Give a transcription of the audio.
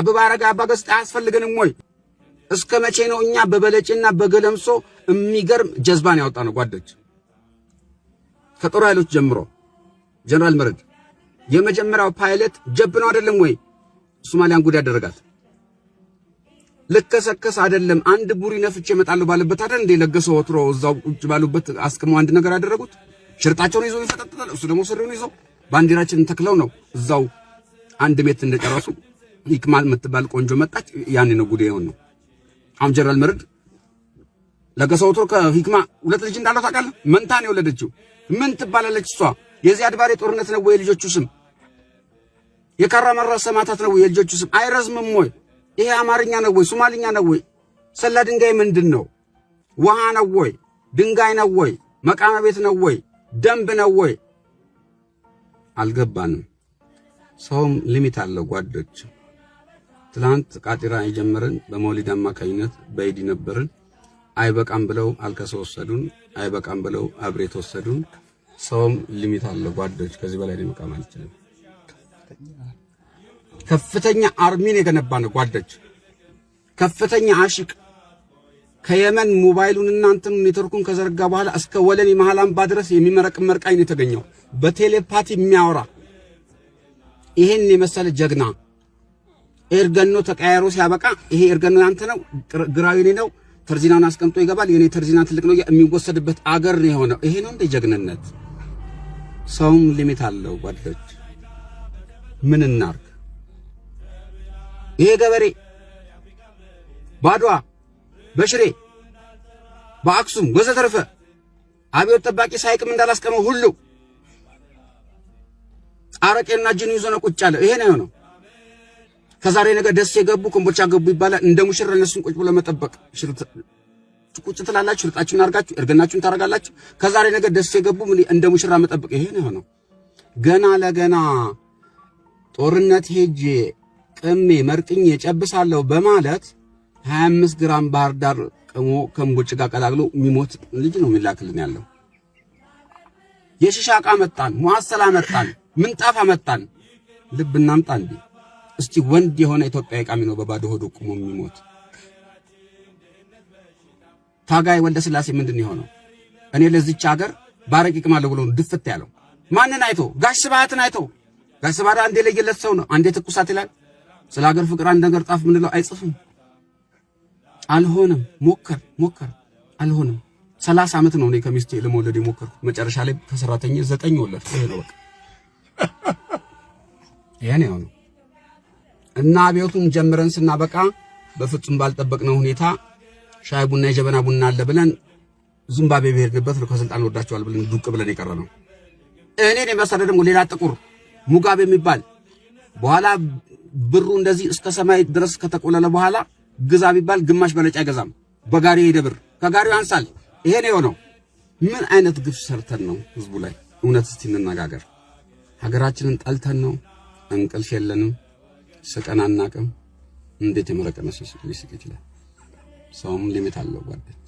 አበባ አረጋ አባገስጥ አያስፈልገንም ወይ? እስከ መቼ ነው እኛ በበለጭና በገለምሶ የሚገርም ጀዝባን ያወጣ ነው? ጓዶች ከጦር ኃይሎች ጀምሮ ጀነራል መርድ የመጀመሪያው ፓይለት ጀብ ነው አይደለም ወይ? ሶማሊያን ጉድ ያደረጋት ልከሰከስ አይደለም። አንድ ቡሪ ነፍቼ እመጣለሁ ባለበት አይደል እንዴ ለገሰ ወትሮ እዛው ቁጭ ባሉበት አስቅመው አንድ ነገር ያደረጉት ሽርጣቸውን ይዞ ይፈጠጥታል። እሱ ደግሞ ስሪውን ይዞ ባንዲራችንን ተክለው ነው እዛው አንድ ሜት እንደጨረሱ ሂክማል የምትባል ቆንጆ መጣች። ያኔ ነው ጉዴ ነው። አሁን ጀነራል መርድ ለገሰው ከሂክማ ሁለት ልጅ እንዳለው ታውቃለህ። መንታ ነው የወለደችው። ምን ትባላለች እሷ? የዚህ አድባሬ ጦርነት ነው ወይ ልጆቹ ስም? የካራማራ ሰማታት ነው ወይ ስም? አይረዝምም ወይ? ይሄ አማርኛ ነው ወይ ሶማልኛ ነው ወይ? ሰላ ድንጋይ ምንድን ነው? ውሃ ነው ወይ? ድንጋይ ነው ወይ? መቃመ ቤት ነው ወይ? ደንብ ነው ወይ? አልገባንም። ሰውም ሊሚት አለው ጓዶች ትላንት ቃጢራ የጀመርን በመውሊድ አማካኝነት በኢዲ ነበርን። አይበቃም ብለው አልከሰ ወሰዱን። አይበቃም ብለው አብሬት ወሰዱን። ሰውም ሊሚት አለ ጓዶች፣ ከዚህ በላይ ሊመቃም አልችልም። ከፍተኛ አርሚን የገነባ ነው ጓዶች፣ ከፍተኛ አሽቅ ከየመን ሞባይሉን እናንተም ኔትወርኩን ከዘረጋ በኋላ እስከ ወለን የመሃል አምባ ድረስ የሚመረቅ መርቃኝ ነው የተገኘው በቴሌፓቲ የሚያወራ ይሄን የመሰለ ጀግና ኤርገኖ ተቀያይሮ ሲያበቃ ይሄ ኤርገኖ ያንተ ነው፣ ግራው የኔ ነው፣ ተርዚናውን አስቀምጦ ይገባል፣ የኔ ተርዚና ትልቅ ነው የሚወሰድበት አገር ነው የሆነው። ይሄ ነው እንደ ጀግንነት። ሰውም ሊሚት አለው ጓዶች። ምን እናርግ? ይሄ ገበሬ ባድዋ፣ በሽሬ፣ በአክሱም ወዘተርፈ አብዮት ጠባቂ ሳይቅም እንዳላስቀመው ሁሉ አረቄና ጅን ይዞ ነው ቁጭ ያለው። ይሄ ነው የሆነው። ከዛሬ ነገር ደስ የገቡ ኮምቦልቻ ገቡ ይባላል። እንደ ሙሽራ እነሱን ቁጭ ብሎ መጠበቅ ቁጭ ትላላችሁ፣ ሽርጣችሁን አርጋችሁ እርግናችሁን ታረጋላችሁ። ከዛሬ ነገር ደስ የገቡ እንደ ሙሽራ መጠበቅ ይሄ ነው። ገና ለገና ጦርነት ሄጄ ቅሜ መርቅኜ ጨብሳለሁ በማለት 25 ግራም ባህር ዳር ቅሞ ከምቦጭ ጋር ቀላቅሎ የሚሞት ልጅ ነው የሚላክልን ያለው። የሽሻቃ መጣን፣ ሙአሰላ መጣን፣ ምንጣፍ መጣን። ልብ እናምጣ እንዴ! እስቲ ወንድ የሆነ ኢትዮጵያዊ ቃሚ ነው በባዶ ሆዶ ቁሞ የሚሞት ታጋይ ወልደ ስላሴ ምንድን የሆነው? እኔ ለዚች ሀገር ባረቅ ይቅማለሁ ብሎ ድፍት ያለው ማንን አይቶ? ጋሽ ስብሃትን አይቶ። ጋሽ ስብሃት አንዴ ለየለት ሰው ነው፣ አንዴ ትኩሳት ይላል። ስለ ሀገር ፍቅር አንድ ነገር ጣፍ ምንለው አይጽፍም። አልሆነም። ሞከር ሞከር፣ አልሆነም። ሰላሳ ዓመት ነው እኔ ከሚስቴ ለመውለድ የሞከርኩ መጨረሻ ላይ ከሰራተኛ ዘጠኝ ወለድኩ። ይሄ ነው በቃ ይሄ ነው እና ቤቱን ጀምረን ስናበቃ በፍጹም ባልጠበቅነው ሁኔታ ሻይ ቡና የጀበና ቡና አለ ብለን ዚምባብዌ ብሄድንበት ከስልጣን ወዳቸዋል ብለን ዱቅ ብለን የቀረ ነው። እኔን የመሰለ ደግሞ ሌላ ጥቁር ሙጋቤ የሚባል በኋላ ብሩ እንደዚህ እስከ ሰማይ ድረስ ከተቆለለ በኋላ ግዛ ቢባል ግማሽ በለጭ አይገዛም። በጋሪ ሄደ ብር ከጋሪው አንሳል። ይሄ ነው የሆነው። ምን አይነት ግፍ ሰርተን ነው ህዝቡ ላይ? እውነት እስቲ እንነጋገር። ሀገራችንን ጠልተን ነው? እንቅልፍ የለንም። ስቀን አናቅም። እንዴት የመረቀ መስስ ሊስቅ ይችላል? ሰውም ሊሚት አለው ጓደኝ